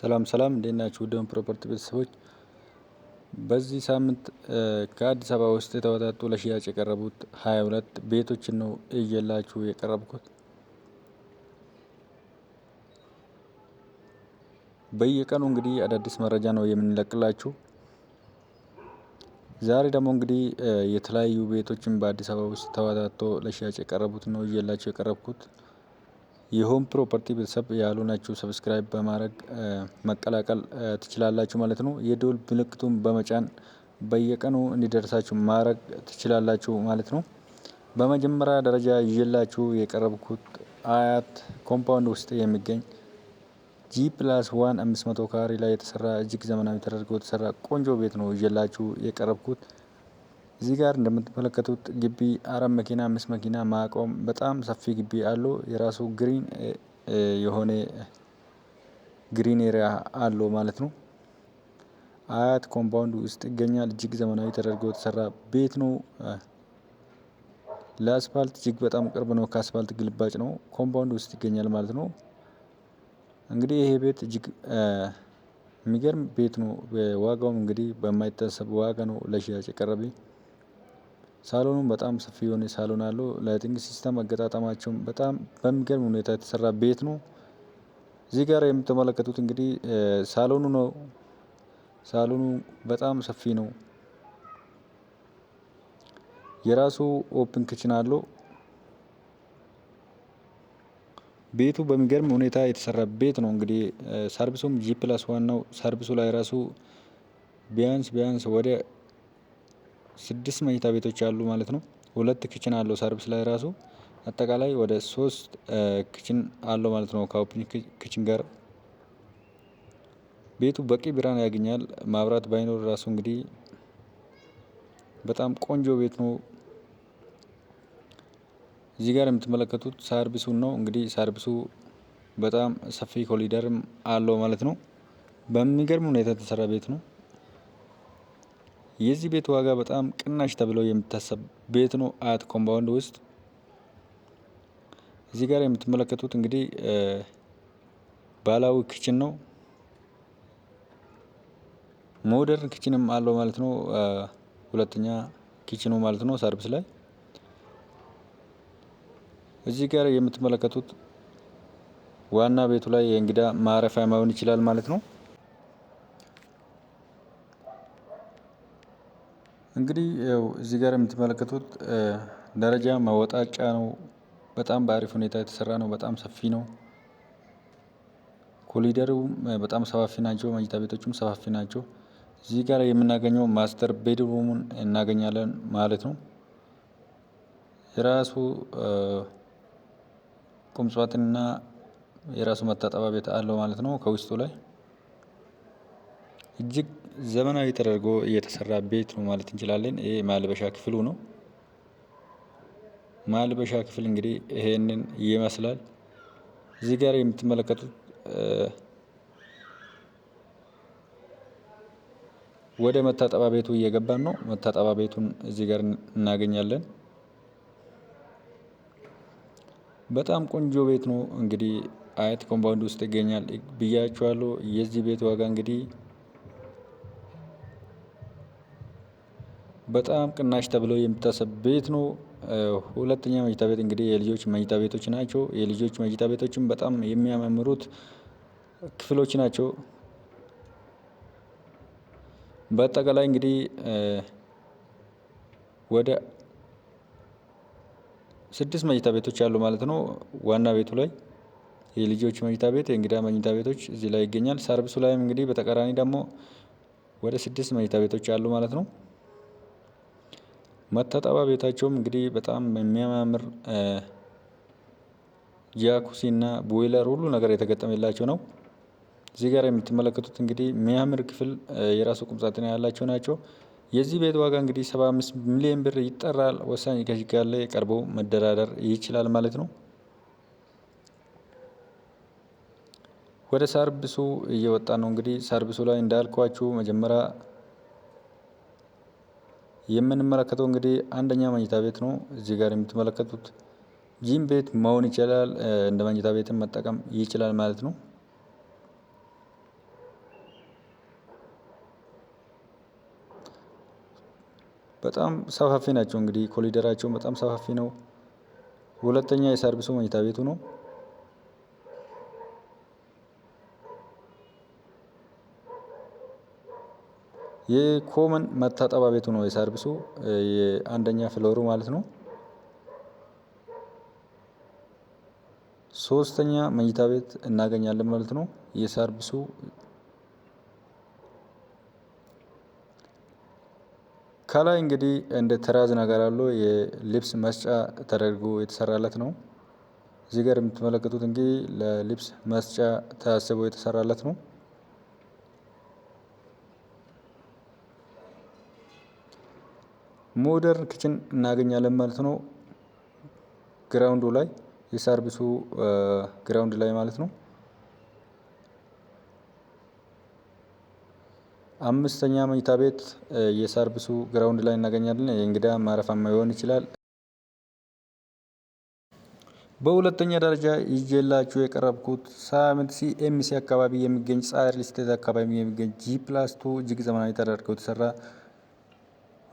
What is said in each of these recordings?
ሰላም ሰላም እንዴት ናችሁ? ውድን ፕሮፐርቲ ቤተሰቦች በዚህ ሳምንት ከአዲስ አበባ ውስጥ የተወጣጡ ለሽያጭ የቀረቡት ሀያ ሁለት ቤቶችን ነው እየላችሁ የቀረብኩት። በየቀኑ እንግዲህ አዳዲስ መረጃ ነው የምንለቅላችሁ። ዛሬ ደግሞ እንግዲህ የተለያዩ ቤቶችን በአዲስ አበባ ውስጥ ተወጣጥቶ ለሽያጭ የቀረቡት ነው እየላችሁ የቀረብኩት። የሆም ፕሮፐርቲ ቤተሰብ ያልሆናችሁ ሰብስክራይብ በማድረግ መቀላቀል ትችላላችሁ ማለት ነው። የደወል ምልክቱን በመጫን በየቀኑ እንዲደርሳችሁ ማድረግ ትችላላችሁ ማለት ነው። በመጀመሪያ ደረጃ ይዤላችሁ የቀረብኩት አያት ኮምፓውንድ ውስጥ የሚገኝ ጂ ፕላስ ዋን አምስት መቶ ካሬ ላይ የተሰራ እጅግ ዘመናዊ ተደርገው የተሰራ ቆንጆ ቤት ነው ይዤላችሁ የቀረብኩት። እዚህ ጋር እንደምትመለከቱት ግቢ አራት መኪና አምስት መኪና ማቆም በጣም ሰፊ ግቢ አለው። የራሱ ግሪን የሆነ ግሪን ኤሪያ አለው ማለት ነው። አያት ኮምፓውንድ ውስጥ ይገኛል። እጅግ ዘመናዊ ተደርጎ የተሰራ ቤት ነው። ለአስፋልት እጅግ በጣም ቅርብ ነው። ከአስፋልት ግልባጭ ነው። ኮምፓውንድ ውስጥ ይገኛል ማለት ነው። እንግዲህ ይሄ ቤት እጅግ የሚገርም ቤት ነው። ዋጋውም እንግዲህ በማይታሰብ ዋጋ ነው ለሽያጭ የቀረበ ሳሎኑም በጣም ሰፊ የሆነ ሳሎን አለው። ላይቲንግ ሲስተም አገጣጠማቸውም በጣም በሚገርም ሁኔታ የተሰራ ቤት ነው። እዚህ ጋር የምትመለከቱት እንግዲህ ሳሎኑ ነው። ሳሎኑ በጣም ሰፊ ነው። የራሱ ኦፕን ክችን አለው። ቤቱ በሚገርም ሁኔታ የተሰራ ቤት ነው። እንግዲህ ሰርቪሱም ጂ ፕላስ ዋን ነው። ሰርቪሱ ላይ ራሱ ቢያንስ ቢያንስ ወደ ስድስት መኝታ ቤቶች አሉ ማለት ነው። ሁለት ክችን አለው ሰርቪስ ላይ ራሱ አጠቃላይ ወደ ሶስት ክችን አለው ማለት ነው። ከኦፕን ክችን ጋር ቤቱ በቂ ብርሃን ያገኛል። ማብራት ባይኖር ራሱ እንግዲህ በጣም ቆንጆ ቤት ነው። እዚህ ጋር የምትመለከቱት ሰርቪሱን ነው እንግዲህ ሰርቪሱ በጣም ሰፊ ኮሊደርም አለው ማለት ነው። በሚገርም ሁኔታ የተሰራ ቤት ነው። የዚህ ቤት ዋጋ በጣም ቅናሽ ተብሎ የሚታሰብ ቤት ነው። አያት ኮምፓውንድ ውስጥ እዚህ ጋር የምትመለከቱት እንግዲህ ባህላዊ ክችን ነው። ሞደርን ክችንም አለው ማለት ነው። ሁለተኛ ኪችኑ ማለት ነው። ሰርቪስ ላይ እዚህ ጋር የምትመለከቱት ዋና ቤቱ ላይ የእንግዳ ማረፊያ መሆን ይችላል ማለት ነው። እንግዲህ ያው እዚህ ጋር የምትመለከቱት ደረጃ መወጣጫ ነው። በጣም በአሪፍ ሁኔታ የተሰራ ነው። በጣም ሰፊ ነው። ኮሊደሩም በጣም ሰፋፊ ናቸው። መኝታ ቤቶቹም ሰፋፊ ናቸው። እዚህ ጋር የምናገኘው ማስተር ቤድሩሙን እናገኛለን ማለት ነው። የራሱ ቁምሳጥንና የራሱ መታጠቢያ ቤት አለው ማለት ነው። ከውስጡ ላይ እጅግ ዘመናዊ ተደርጎ የተሰራ ቤት ነው ማለት እንችላለን። ይሄ ማልበሻ ክፍሉ ነው። ማልበሻ ክፍል እንግዲህ ይሄንን ይመስላል። እዚህ ጋር የምትመለከቱት ወደ መታጠባ ቤቱ እየገባን ነው። መታጠባ ቤቱን እዚህ ጋር እናገኛለን። በጣም ቆንጆ ቤት ነው እንግዲህ አያት ኮምፓውንድ ውስጥ ይገኛል ብያችኋለሁ። የዚህ ቤት ዋጋ እንግዲህ በጣም ቅናሽ ተብሎ የሚታሰብ ቤት ነው። ሁለተኛ መኝታ ቤት እንግዲህ የልጆች መኝታ ቤቶች ናቸው የልጆች መኝታ ቤቶችም በጣም የሚያማምሩት ክፍሎች ናቸው። በአጠቃላይ እንግዲህ ወደ ስድስት መኝታ ቤቶች አሉ ማለት ነው። ዋና ቤቱ ላይ የልጆች መኝታ ቤት የእንግዳ መኝታ ቤቶች እዚህ ላይ ይገኛል። ሰርቪሱ ላይም እንግዲህ በተቃራኒ ደግሞ ወደ ስድስት መኝታ ቤቶች አሉ ማለት ነው መታጠቢያ ቤታቸውም እንግዲህ በጣም የሚያማምር ጃኩሲ እና ቦይለር ሁሉ ነገር የተገጠመላቸው ነው። እዚህ ጋር የምትመለከቱት እንግዲህ የሚያምር ክፍል የራሱ ቁምሳጥን ያላቸው ናቸው። የዚህ ቤት ዋጋ እንግዲህ 75 ሚሊዮን ብር ይጠራል። ወሳኝ ጋር ላይ ቀርቦ መደራደር ይችላል ማለት ነው። ወደ ሳርብሱ እየወጣ ነው። እንግዲህ ሰርቢሱ ላይ እንዳልኳችሁ መጀመሪያ የምንመለከተው እንግዲህ አንደኛ መኝታ ቤት ነው። እዚህ ጋር የምትመለከቱት ይህም ቤት መሆን ይችላል እንደ መኝታ ቤትን መጠቀም ይችላል ማለት ነው። በጣም ሰፋፊ ናቸው እንግዲህ ኮሊደራቸው በጣም ሰፋፊ ነው። ሁለተኛ የሰርቪሱ መኝታ ቤቱ ነው። የኮመን መታጠቢያ ቤቱ ነው የሰርቪሱ የአንደኛ ፍሎሩ ማለት ነው። ሶስተኛ መኝታ ቤት እናገኛለን ማለት ነው። የሰርቪሱ ከላይ እንግዲህ እንደ ተራዝ ነገር አለው የልብስ መስጫ ተደርጎ የተሰራለት ነው። እዚህ ጋር የምትመለከቱት እንግዲህ ለልብስ መስጫ ታስቦ የተሰራለት ነው። ሞደርን ክችን እናገኛለን ማለት ነው። ግራውንዱ ላይ የሰርቪሱ ግራውንድ ላይ ማለት ነው። አምስተኛ መኝታ ቤት የሰርቪሱ ግራውንድ ላይ እናገኛለን። የእንግዳ ማረፊያም ሊሆን ይችላል። በሁለተኛ ደረጃ ይዤላችሁ የቀረብኩት ሳምንት ሲ ኤምሲ አካባቢ የሚገኝ ጻር ሊስቴት አካባቢ የሚገኝ ጂ ፕላስ ቱ እጅግ ዘመናዊ ተደርገው የተሰራ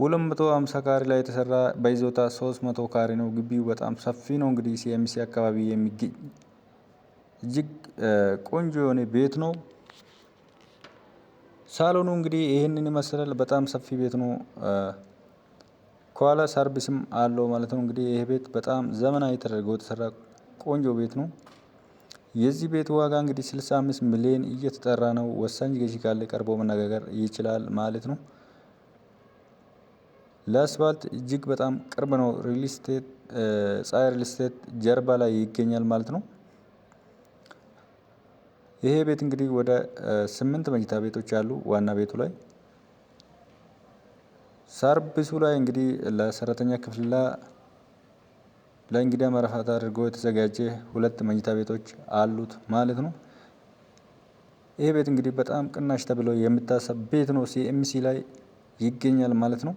250 ካሬ ላይ የተሰራ በይዞታ 300 ካሬ ነው። ግቢው በጣም ሰፊ ነው። እንግዲህ ሲኤምሲ አካባቢ የሚገኝ እጅግ ቆንጆ የሆነ ቤት ነው። ሳሎኑ እንግዲህ ይህንን ይመስላል። በጣም ሰፊ ቤት ነው። ከኋላ ሰርቪስም አለው ማለት ነው። እንግዲህ ይህ ቤት በጣም ዘመናዊ ተደርገው የተሰራ ቆንጆ ቤት ነው። የዚህ ቤት ዋጋ እንግዲህ 65 ሚሊዮን እየተጠራ ነው። ወሳኝ ገዢ ካለ ቀርቦ መነጋገር ይችላል ማለት ነው። ለአስፋልት እጅግ በጣም ቅርብ ነው። ሪል ስቴት ፀሀይ ሪል ስቴት ጀርባ ላይ ይገኛል ማለት ነው። ይሄ ቤት እንግዲህ ወደ ስምንት መኝታ ቤቶች አሉ። ዋና ቤቱ ላይ ሰርቪሱ ላይ እንግዲህ ለሰራተኛ ክፍልና ለእንግዳ ማረፊያ ተደርጎ የተዘጋጀ ሁለት መኝታ ቤቶች አሉት ማለት ነው። ይሄ ቤት እንግዲህ በጣም ቅናሽ ተብሎ የሚታሰብ ቤት ነው። ሲኤምሲ ላይ ይገኛል ማለት ነው።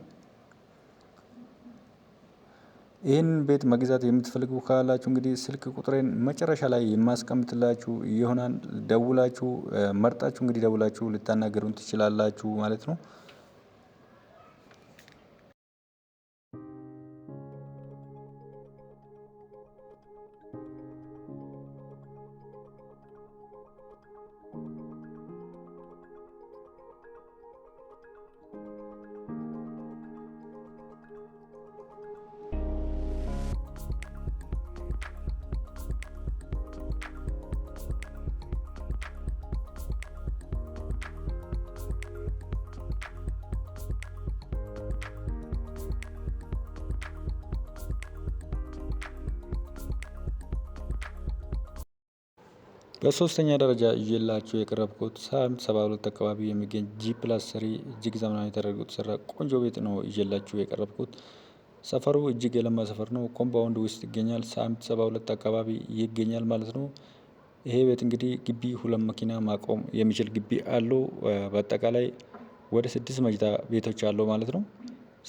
ይህንን ቤት መግዛት የምትፈልጉ ካላችሁ እንግዲህ ስልክ ቁጥሬን መጨረሻ ላይ የማስቀምጥላችሁ ይሆናል። ደውላችሁ መርጣችሁ እንግዲህ ደውላችሁ ልታናገሩን ትችላላችሁ ማለት ነው በሶስተኛ ደረጃ እየላቸው የቀረብኩት ሳምንት ሰባ ሁለት አካባቢ የሚገኝ ጂ ፕላስ ስሪ እጅግ ዘመናዊ ተደርጎ የተሰራ ቆንጆ ቤት ነው እየላቸው የቀረብኩት። ሰፈሩ እጅግ የለማ ሰፈር ነው። ኮምፓውንድ ውስጥ ይገኛል። ሳምት ሰባ ሁለት አካባቢ ይገኛል ማለት ነው። ይሄ ቤት እንግዲህ ግቢ ሁለት መኪና ማቆም የሚችል ግቢ አለው። በአጠቃላይ ወደ ስድስት መኝታ ቤቶች አለው ማለት ነው።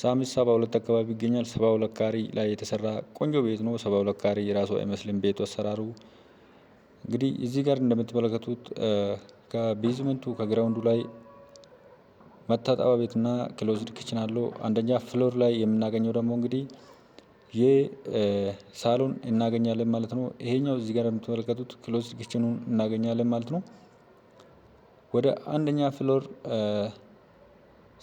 ሳምት ሰባ ሁለት አካባቢ ይገኛል። ሰባ ሁለት ካሬ ላይ የተሰራ ቆንጆ ቤት ነው። ሰባ ሁለት የራሱ አይመስልም ቤቱ አሰራሩ እንግዲህ እዚህ ጋር እንደምትመለከቱት ከቤዝመንቱ ከግራውንዱ ላይ መታጠቢያ ቤትና ክሎዝድ ክችን አለው። አንደኛ ፍሎር ላይ የምናገኘው ደግሞ እንግዲህ ሳሎን እናገኛለን ማለት ነው። ይሄኛው እዚህ ጋር የምትመለከቱት ክሎዝድ ክችኑን እናገኛለን ማለት ነው። ወደ አንደኛ ፍሎር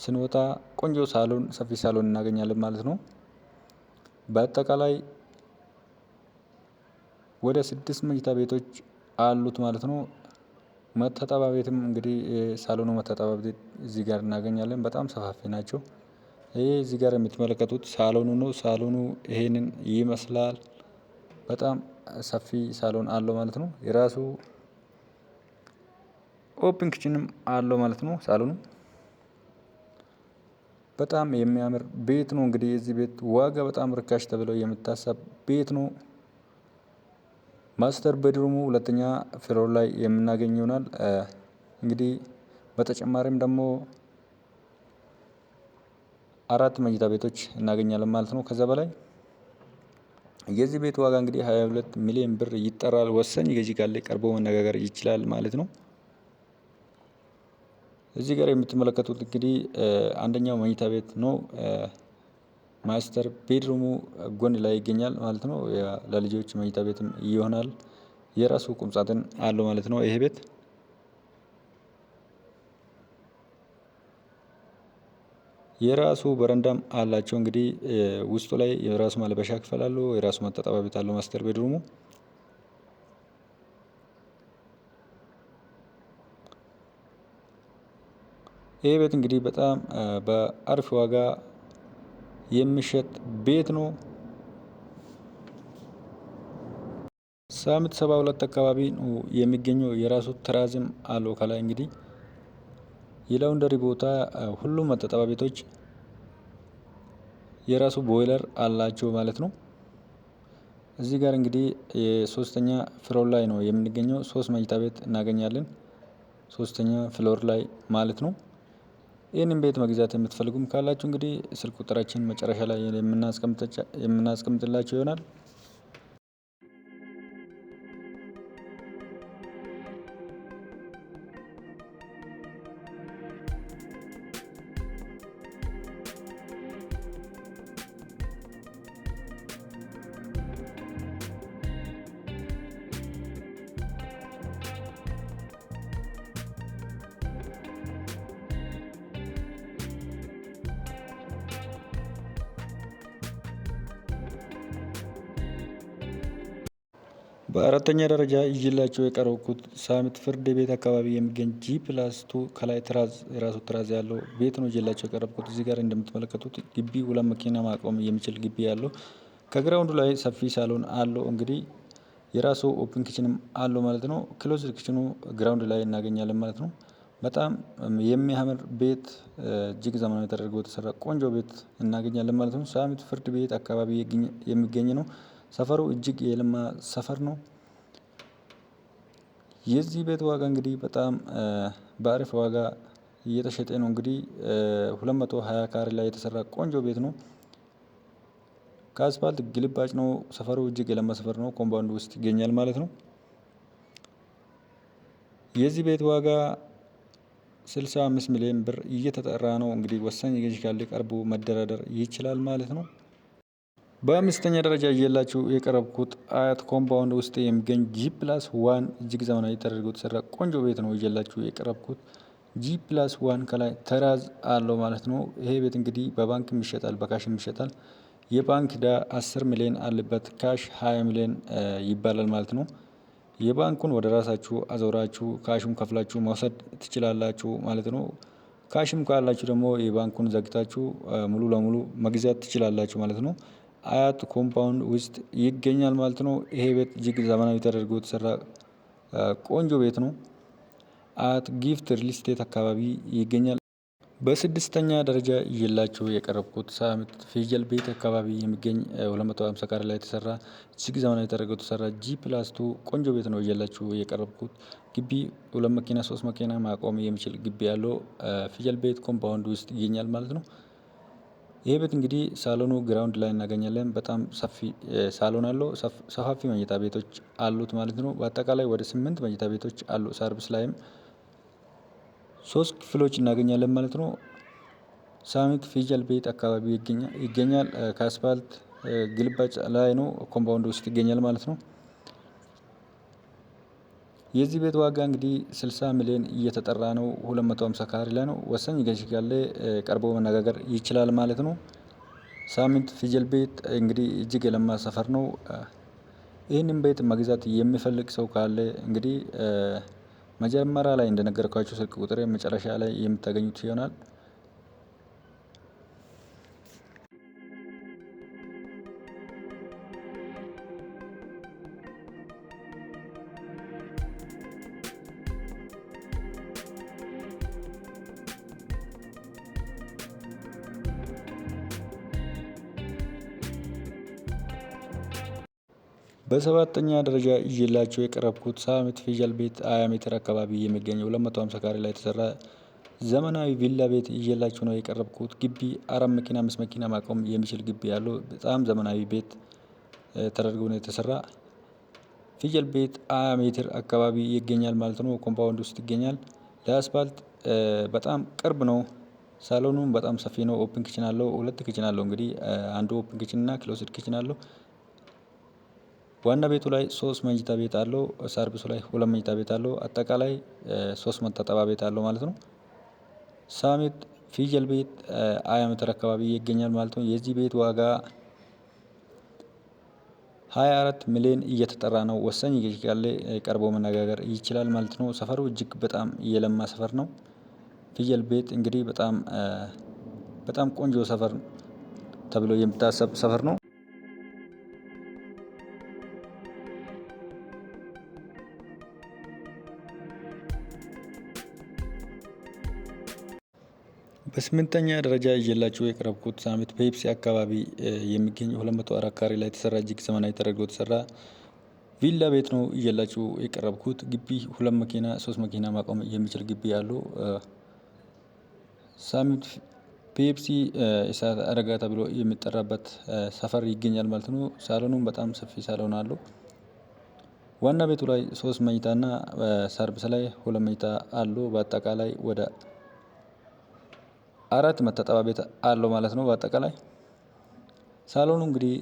ስንወጣ ቆንጆ ሳሎን፣ ሰፊ ሳሎን እናገኛለን ማለት ነው። በአጠቃላይ ወደ ስድስት መኝታ ቤቶች አሉት ማለት ነው። መታጠቢያ ቤትም እንግዲህ ሳሎኑ መታጠቢያ ቤት እዚህ ጋር እናገኛለን በጣም ሰፋፊ ናቸው። ይሄ እዚህ ጋር የምትመለከቱት ሳሎኑ ነው ሳሎኑ ይሄንን ይመስላል። በጣም ሰፊ ሳሎን አለው ማለት ነው። የራሱ ኦፕን ክችንም አለው ማለት ነው። ሳሎኑ በጣም የሚያምር ቤት ነው። እንግዲህ የዚህ ቤት ዋጋ በጣም ርካሽ ተብሎ የምታሰብ ቤት ነው ማስተር ቤድሩሙ ሁለተኛ ፍሎር ላይ የምናገኝ ይሆናል። እንግዲህ በተጨማሪም ደግሞ አራት መኝታ ቤቶች እናገኛለን ማለት ነው። ከዛ በላይ የዚህ ቤት ዋጋ እንግዲህ 22 ሚሊዮን ብር ይጠራል። ወሳኝ ገዢ ካለ ቀርቦ መነጋገር ይችላል ማለት ነው። እዚህ ጋር የምትመለከቱት እንግዲህ አንደኛው መኝታ ቤት ነው። ማስተር ቤድሩሙ ጎን ላይ ይገኛል ማለት ነው። ለልጆች መኝታ ቤትም ይሆናል። የራሱ ቁምሳጥን አለው ማለት ነው ይሄ ቤት። የራሱ በረንዳም አላቸው እንግዲህ ውስጡ ላይ የራሱ ማልበሻ ክፍል አለው። የራሱ መታጠቢያ ቤት አለው ማስተር ቤድሩሙ። ይሄ ቤት እንግዲህ በጣም በአሪፍ ዋጋ የሚሸጥ ቤት ነው። ሳሚት 72 ሁለት አካባቢ ነው የሚገኘው። የራሱ ትራዝም አለው። ከላይ እንግዲህ የላውንደሪ ቦታ ሁሉም መታጠቢያ ቤቶች የራሱ ቦይለር አላቸው ማለት ነው። እዚህ ጋር እንግዲህ የሶስተኛ ፍሎር ላይ ነው የምንገኘው። ሶስት መኝታ ቤት እናገኛለን ሶስተኛ ፍሎር ላይ ማለት ነው። ይህንን ቤት መግዛት የምትፈልጉም ካላችሁ እንግዲህ ስልክ ቁጥራችን መጨረሻ ላይ የምናስቀምጥላችሁ ይሆናል በሁለተኛ ደረጃ ይዤላቸው የቀረብኩት ሳሚት ፍርድ ቤት አካባቢ የሚገኝ ጂ ፕላስ ቱ ከላይ የራሱ ትራዝ ያለው ቤት ነው ይዤላቸው የቀረብኩት። እዚህ ጋር እንደምትመለከቱት ግቢ ሁለት መኪና ማቆም የሚችል ግቢ ያለው ከግራውንዱ ላይ ሰፊ ሳሎን አለው። እንግዲህ የራሱ ኦፕን ኪችንም አለው ማለት ነው። ክሎዝ ኪችኑ ግራውንድ ላይ እናገኛለን ማለት ነው። በጣም የሚያምር ቤት እጅግ ዘመናዊ ተደርገው የተሰራ ቆንጆ ቤት እናገኛለን ማለት ነው። ሳሚት ፍርድ ቤት አካባቢ የሚገኝ ነው። ሰፈሩ እጅግ የለማ ሰፈር ነው። የዚህ ቤት ዋጋ እንግዲህ በጣም በአሪፍ ዋጋ እየተሸጠ ነው እንግዲህ 220 መቶ ካሬ ላይ የተሰራ ቆንጆ ቤት ነው። ከአስፋልት ግልባጭ ነው ሰፈሩ እጅግ የለማ ሰፈር ነው ኮምፓውንድ ውስጥ ይገኛል ማለት ነው። የዚህ ቤት ዋጋ 65 ሚሊዮን ብር እየተጠራ ነው እንግዲህ ወሳኝ ገዢ ካለ ቀርቦ መደራደር ይችላል ማለት ነው በአምስተኛ ደረጃ እየላችሁ የቀረብኩት አያት ኮምፓውንድ ውስጥ የሚገኝ ጂ ፕላስ ዋን እጅግ ዘመናዊ ተደርጎ የተሰራ ቆንጆ ቤት ነው እየላችሁ የቀረብኩት። ጂ ፕላስ ዋን ከላይ ተራዝ አለው ማለት ነው። ይሄ ቤት እንግዲህ በባንክም ይሸጣል፣ በካሽም ይሸጣል። የባንክ ዳ 10 ሚሊዮን አለበት፣ ካሽ 20 ሚሊዮን ይባላል ማለት ነው። የባንኩን ወደ ራሳችሁ አዞራችሁ ካሽም ከፍላችሁ መውሰድ ትችላላችሁ ማለት ነው። ካሽም ካላችሁ ደግሞ የባንኩን ዘግታችሁ ሙሉ ለሙሉ መግዛት ትችላላችሁ ማለት ነው። አያት ኮምፓውንድ ውስጥ ይገኛል ማለት ነው። ይሄ ቤት እጅግ ዘመናዊ ተደርጎ የተሰራ ቆንጆ ቤት ነው። አያት ጊፍት ሪል አካባቢ ይገኛል። በስድስተኛ ደረጃ እየላቸው የቀረብኩት ሳሚት ፌጀል ቤት አካባቢ የሚገኝ 250 ካሬ ላይ የተሰራ እጅግ ዘመናዊ ተደርገው የተሰራ ጂ ፕላስ ቱ ቆንጆ ቤት ነው እየላችሁ የቀረብኩት። ግቢ ሁለት መኪና ሶስት መኪና ማቆም የሚችል ግቢ ያለው ፊጀል ቤት ኮምፓውንድ ውስጥ ይገኛል ማለት ነው። ይሄ ቤት እንግዲህ ሳሎኑ ግራውንድ ላይ እናገኛለን። በጣም ሰፊ ሳሎን አለው። ሰፋፊ መኝታ ቤቶች አሉት ማለት ነው። በአጠቃላይ ወደ ስምንት መኝታ ቤቶች አሉ። ሰርቪስ ላይም ሶስት ክፍሎች እናገኛለን ማለት ነው። ሳሚክ ፊጃል ቤት አካባቢ ይገኛል። ከአስፋልት ግልባጭ ላይ ነው። ኮምፓውንድ ውስጥ ይገኛል ማለት ነው። የዚህ ቤት ዋጋ እንግዲህ ስልሳ ሚሊዮን እየተጠራ ነው። 250 መቶ ካሬ ላይ ነው። ወሳኝ ገዢ ካለ ቀርቦ መነጋገር ይችላል ማለት ነው። ሳሚት ፊጀል ቤት እንግዲህ እጅግ የለማ ሰፈር ነው። ይህንን ቤት መግዛት የሚፈልግ ሰው ካለ እንግዲህ መጀመሪያ ላይ እንደነገርኳችሁ ስልክ ቁጥሬ መጨረሻ ላይ የምታገኙት ይሆናል። በሰባተኛ ደረጃ ይዤላችሁ የቀረብኩት ሳሚት ፊያል ቤት 20 ሜትር አካባቢ የሚገኘው 250 ካሬ ላይ የተሰራ ዘመናዊ ቪላ ቤት ይዤላችሁ ነው የቀረብኩት። ግቢ አራት መኪና አምስት መኪና ማቆም የሚችል ግቢ ያለው በጣም ዘመናዊ ቤት ተደርጎ ነው የተሰራ። ፊጀል ቤት 20 ሜትር አካባቢ ይገኛል ማለት ነው። ኮምፓውንድ ውስጥ ይገኛል። ለአስፋልት በጣም ቅርብ ነው። ሳሎኑም በጣም ሰፊ ነው። ኦፕን ኪችን አለው። ሁለት ኪችን አለው እንግዲህ አንዱ ኦፕን ኪችን እና ክሎስድ ኪችን አለው። ዋና ቤቱ ላይ ሶስት መኝታ ቤት አለው። ሰርቪሱ ላይ ሁለት መኝታ ቤት አለው። አጠቃላይ ሶስት መታጠቢያ ቤት አለው ማለት ነው። ሳሚት ፊጀል ቤት ሃያ ሜትር አካባቢ ይገኛል ማለት ነው። የዚህ ቤት ዋጋ 24 ሚሊዮን እየተጠራ ነው። ወሳኝ ገዢ ካለ ቀርቦ መነጋገር ይችላል ማለት ነው። ሰፈሩ እጅግ በጣም የለማ ሰፈር ነው። ፊጀል ቤት እንግዲህ በጣም በጣም ቆንጆ ሰፈር ተብሎ የሚታሰብ ሰፈር ነው። ስምንተኛ ደረጃ ይዤላችሁ የቀረብኩት ሳሚት ፔፕሲ አካባቢ የሚገኝ 204 ካሬ ላይ የተሰራ እጅግ ዘመናዊ ተደርጎ የተሰራ ቪላ ቤት ነው እየላችሁ የቀረብኩት። ግቢ ሁለት መኪና ሶስት መኪና ማቆም የሚችል ግቢ ያለው ሳሚት ፔፕሲ እሳት አደጋ ተብሎ የሚጠራበት ሰፈር ይገኛል ማለት ነው። ሳሎኑም በጣም ሰፊ ሳሎን አለው። ዋና ቤቱ ላይ ሶስት መኝታና ሰርቪስ ላይ ሁለት መኝታ አሉ። በአጠቃላይ ወደ አራት መታጠቢያ ቤት አለው ማለት ነው። በአጠቃላይ ሳሎኑ እንግዲህ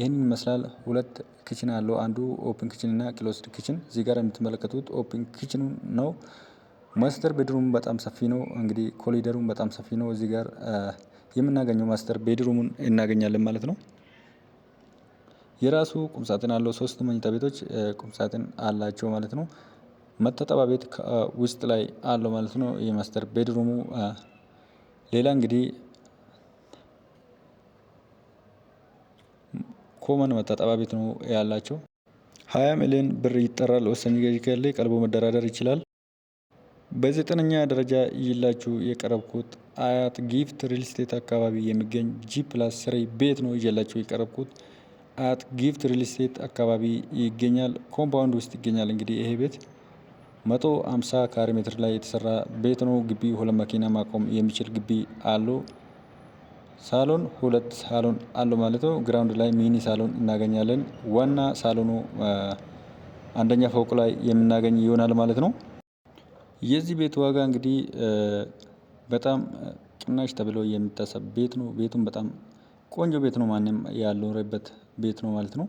ይህንን ይመስላል። ሁለት ክችን አለው። አንዱ ኦፕን ኪችን እና ክሎስድ ኪችን። እዚህ ጋር የምትመለከቱት ኦፕን ኪችኑ ነው። ማስተር ቤድሩም በጣም ሰፊ ነው። እንግዲህ ኮሊደሩም በጣም ሰፊ ነው። እዚህ ጋር የምናገኘው ማስተር ቤድሩሙን እናገኛለን ማለት ነው። የራሱ ቁምሳጥን አለው። ሶስት መኝታ ቤቶች ቁምሳጥን አላቸው ማለት ነው። መታጠቢያ ቤት ውስጥ ላይ አለው ማለት ነው። የማስተር ቤድሩሙ ሌላ እንግዲህ ኮመን መታጠቢያ ቤት ነው ያላቸው። ሀያ ሚሊዮን ብር ይጠራል። ወሳኝ ገዢ ካለ ቀልቦ መደራደር ይችላል። በዘጠነኛ ደረጃ ይላችሁ የቀረብኩት አያት ጊፍት ሪል ስቴት አካባቢ የሚገኝ ጂ ፕላስ ስሪ ቤት ነው ይላችሁ የቀረብኩት። አያት ጊፍት ሪል ስቴት አካባቢ ይገኛል፣ ኮምፓውንድ ውስጥ ይገኛል። እንግዲህ ይሄ ቤት 150 ካሬ ሜትር ላይ የተሰራ ቤት ነው። ግቢ ሁለት መኪና ማቆም የሚችል ግቢ አለው። ሳሎን ሁለት ሳሎን አለው ማለት ነው። ግራውንድ ላይ ሚኒ ሳሎን እናገኛለን። ዋና ሳሎኑ አንደኛ ፎቅ ላይ የምናገኝ ይሆናል ማለት ነው። የዚህ ቤት ዋጋ እንግዲህ በጣም ቅናሽ ተብሎ የሚታሰብ ቤት ነው። ቤቱም በጣም ቆንጆ ቤት ነው። ማንም ያልኖረበት ቤት ነው ማለት ነው።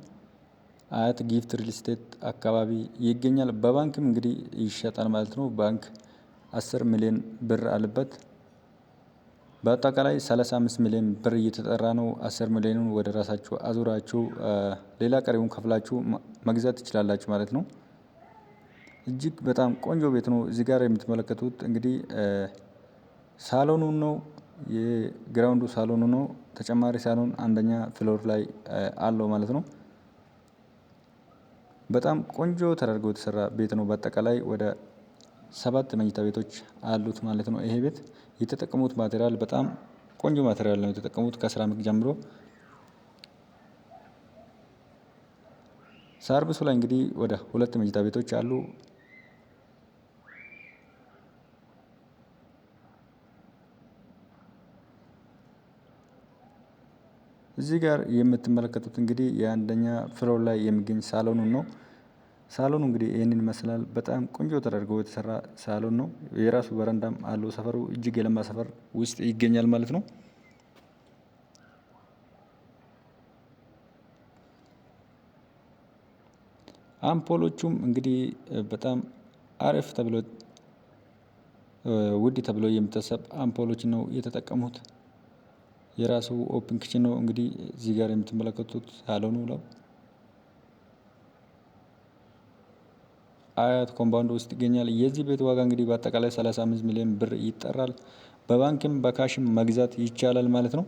አያት ጊፍት ሪል ስቴት አካባቢ ይገኛል። በባንክም እንግዲህ ይሸጣል ማለት ነው። ባንክ 10 ሚሊዮን ብር አለበት። በአጠቃላይ 35 ሚሊዮን ብር እየተጠራ ነው። 10 ሚሊዮኑን ወደ ራሳችሁ አዙራችሁ ሌላ ቀሪውን ከፍላችሁ መግዛት ትችላላችሁ ማለት ነው። እጅግ በጣም ቆንጆ ቤት ነው። እዚህ ጋር የምትመለከቱት እንግዲህ ሳሎኑ ነው የግራውንዱ ሳሎኑ ነው። ተጨማሪ ሳሎን አንደኛ ፍሎር ላይ አለው ማለት ነው። በጣም ቆንጆ ተደርጎ የተሰራ ቤት ነው። በአጠቃላይ ወደ ሰባት መኝታ ቤቶች አሉት ማለት ነው። ይሄ ቤት የተጠቀሙት ማቴሪያል በጣም ቆንጆ ማቴሪያል ነው የተጠቀሙት ከሴራሚክ ጀምሮ። ሳር ላይ እንግዲህ ወደ ሁለት መኝታ ቤቶች አሉ እዚህ ጋር የምትመለከቱት እንግዲህ የአንደኛ ፍሎር ላይ የሚገኝ ሳሎኑ ነው። ሳሎኑ እንግዲህ ይህንን ይመስላል። በጣም ቆንጆ ተደርጎ የተሰራ ሳሎን ነው። የራሱ በረንዳም አለው። ሰፈሩ እጅግ የለማ ሰፈር ውስጥ ይገኛል ማለት ነው። አምፖሎቹም እንግዲህ በጣም አሪፍ ተብሎ ውድ ተብሎ የሚታሰብ አምፖሎች ነው የተጠቀሙት። የራሱ ኦፕን ክችን ነው። እንግዲህ እዚህ ጋር የምትመለከቱት ሳሎኑ ነው። አያት ኮምፓውንድ ውስጥ ይገኛል። የዚህ ቤት ዋጋ እንግዲህ በአጠቃላይ 35 ሚሊዮን ብር ይጠራል። በባንክም በካሽም መግዛት ይቻላል ማለት ነው።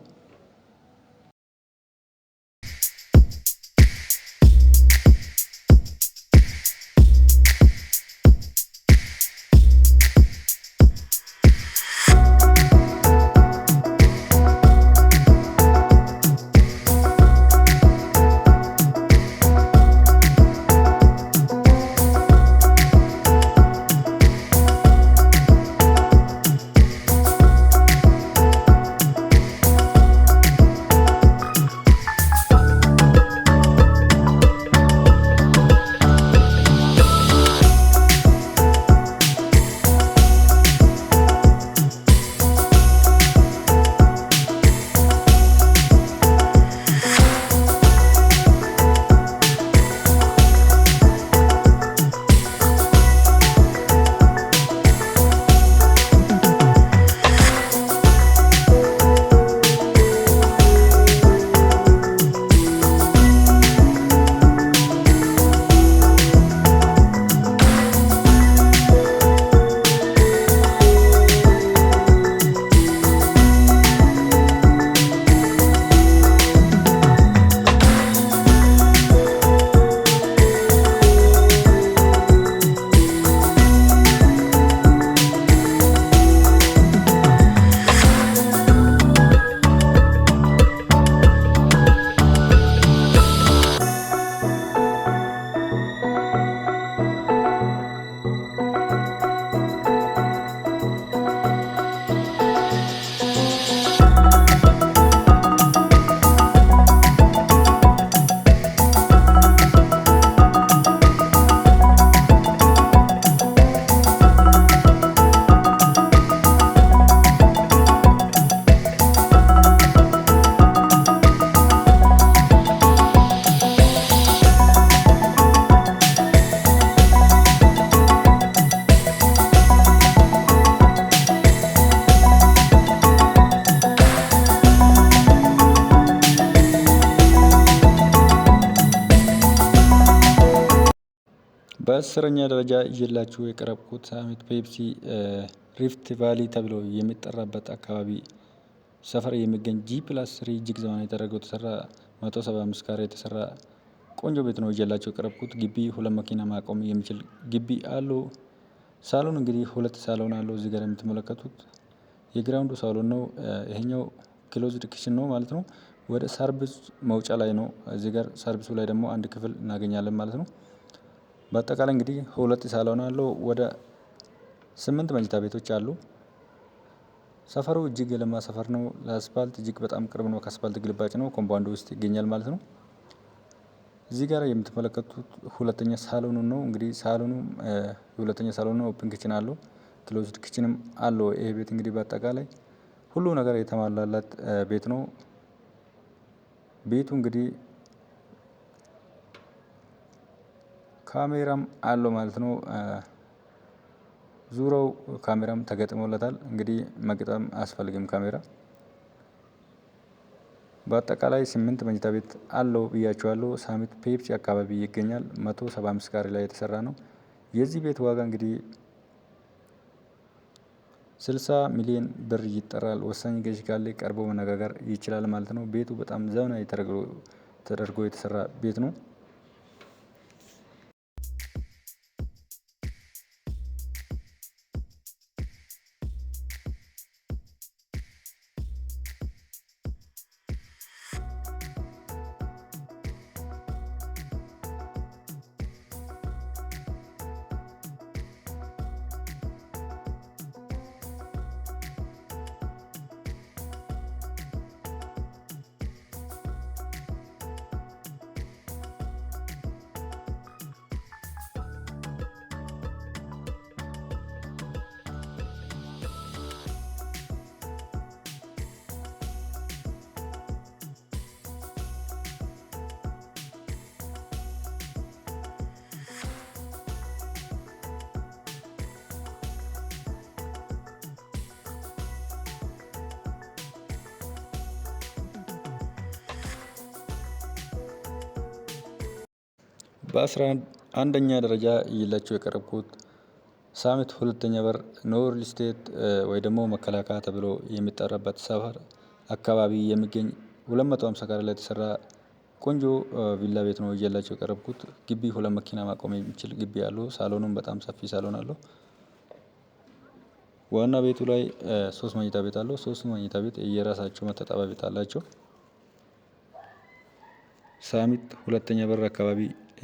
በአስረኛ ደረጃ ይዤላችሁ የቀረብኩት ሳሚት ፔፕሲ ሪፍት ቫሊ ተብሎ የሚጠራበት አካባቢ ሰፈር የሚገኝ ጂ ፕላስ ስሪ እጅግ ዘመናዊ ተደርጎ የተሰራ 175 ካሬ የተሰራ ቆንጆ ቤት ነው ይዤላችሁ የቀረብኩት። ግቢ ሁለት መኪና ማቆም የሚችል ግቢ አሉ። ሳሎን እንግዲህ ሁለት ሳሎን አለው። እዚህ ጋር የምትመለከቱት የግራውንዱ ሳሎን ነው። ይሄኛው ክሎዝድ ኪችን ነው ማለት ነው። ወደ ሰርቪስ መውጫ ላይ ነው። እዚህ ጋር ሰርቪሱ ላይ ደግሞ አንድ ክፍል እናገኛለን ማለት ነው። በአጠቃላይ እንግዲህ ሁለት ሳሎን አለው ወደ ስምንት መኝታ ቤቶች አሉ። ሰፈሩ እጅግ የለማ ሰፈር ነው ለአስፓልት እጅግ በጣም ቅርብ ነው ከአስፋልት ግልባጭ ነው ኮምፓውንድ ውስጥ ይገኛል ማለት ነው። እዚህ ጋር የምትመለከቱት ሁለተኛ ሳሎኑ ነው እንግዲህ ሳሎኑ ሁለተኛ ሳሎኑ ኦፕን ክችን አለው ክሎዝድ ክችንም አለው ይሄ ቤት እንግዲህ በአጠቃላይ ሁሉ ነገር የተሟላለት ቤት ነው። ቤቱ እንግዲህ ካሜራም አለው ማለት ነው። ዙሮው ካሜራም ተገጥሞለታል እንግዲህ መግጠም አያስፈልግም ካሜራ። በአጠቃላይ ስምንት መኝታ ቤት አለው ብያችኋለሁ ሳሚት ፔፕሲ አካባቢ ይገኛል መቶ ሰባ አምስት ካሬ ላይ የተሰራ ነው። የዚህ ቤት ዋጋ እንግዲህ ስልሳ ሚሊዮን ብር ይጠራል። ወሳኝ ገዢ ካለ ቀርቦ መነጋገር ይችላል ማለት ነው። ቤቱ በጣም ዘመናዊ ተደርጎ የተሰራ ቤት ነው በአስራ አንደኛ ደረጃ ይዤላችሁ የቀረብኩት ሳሚት ሁለተኛ በር ኖርዝ ስቴት ወይ ደግሞ መከላከያ ተብሎ የሚጠራበት ሰፈር አካባቢ የሚገኝ 250 ካሬ ላይ የተሰራ ቆንጆ ቪላ ቤት ነው እየላቸው የቀረብኩት። ግቢ ሁለት መኪና ማቆም የሚችል ግቢ አለው። ሳሎኑም በጣም ሰፊ ሳሎን አለው። ዋና ቤቱ ላይ ሶስት መኝታ ቤት አለው። ሶስት መኝታ ቤት የራሳቸው መታጠቢያ ቤት አላቸው። ሳሚት ሁለተኛ በር አካባቢ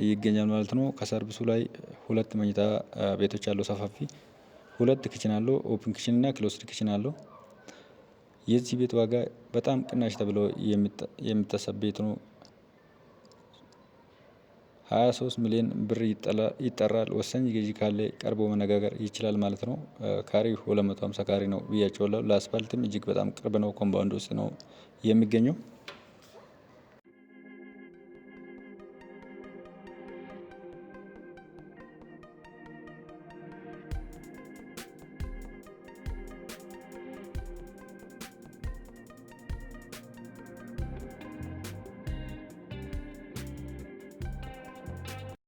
ይገኛል ማለት ነው። ከሰርቪሱ ላይ ሁለት መኝታ ቤቶች አሉ ሰፋፊ ሁለት ክችን አለው ኦፕን ክችን እና ክሎስድ ክችን አለው። የዚህ ቤት ዋጋ በጣም ቅናሽ ተብሎ የሚታሰብ ቤት ነው። ሃያ ሶስት ብር ይጠራል ወሳኝ ገዢ ካለ ቀርቦ መነጋገር ይችላል ማለት ነው። ካሬው ሁለት መቶ ካሬ ነው ብያችኋለሁ ለአስፋልትም እጅግ በጣም ቅርብ ነው ኮምፓውንድ ውስጥ ነው የሚገኘው